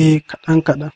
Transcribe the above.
eh kaɗan kaɗan.